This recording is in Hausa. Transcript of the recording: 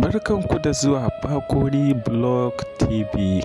Barkanku da zuwa Bakori Blog TV.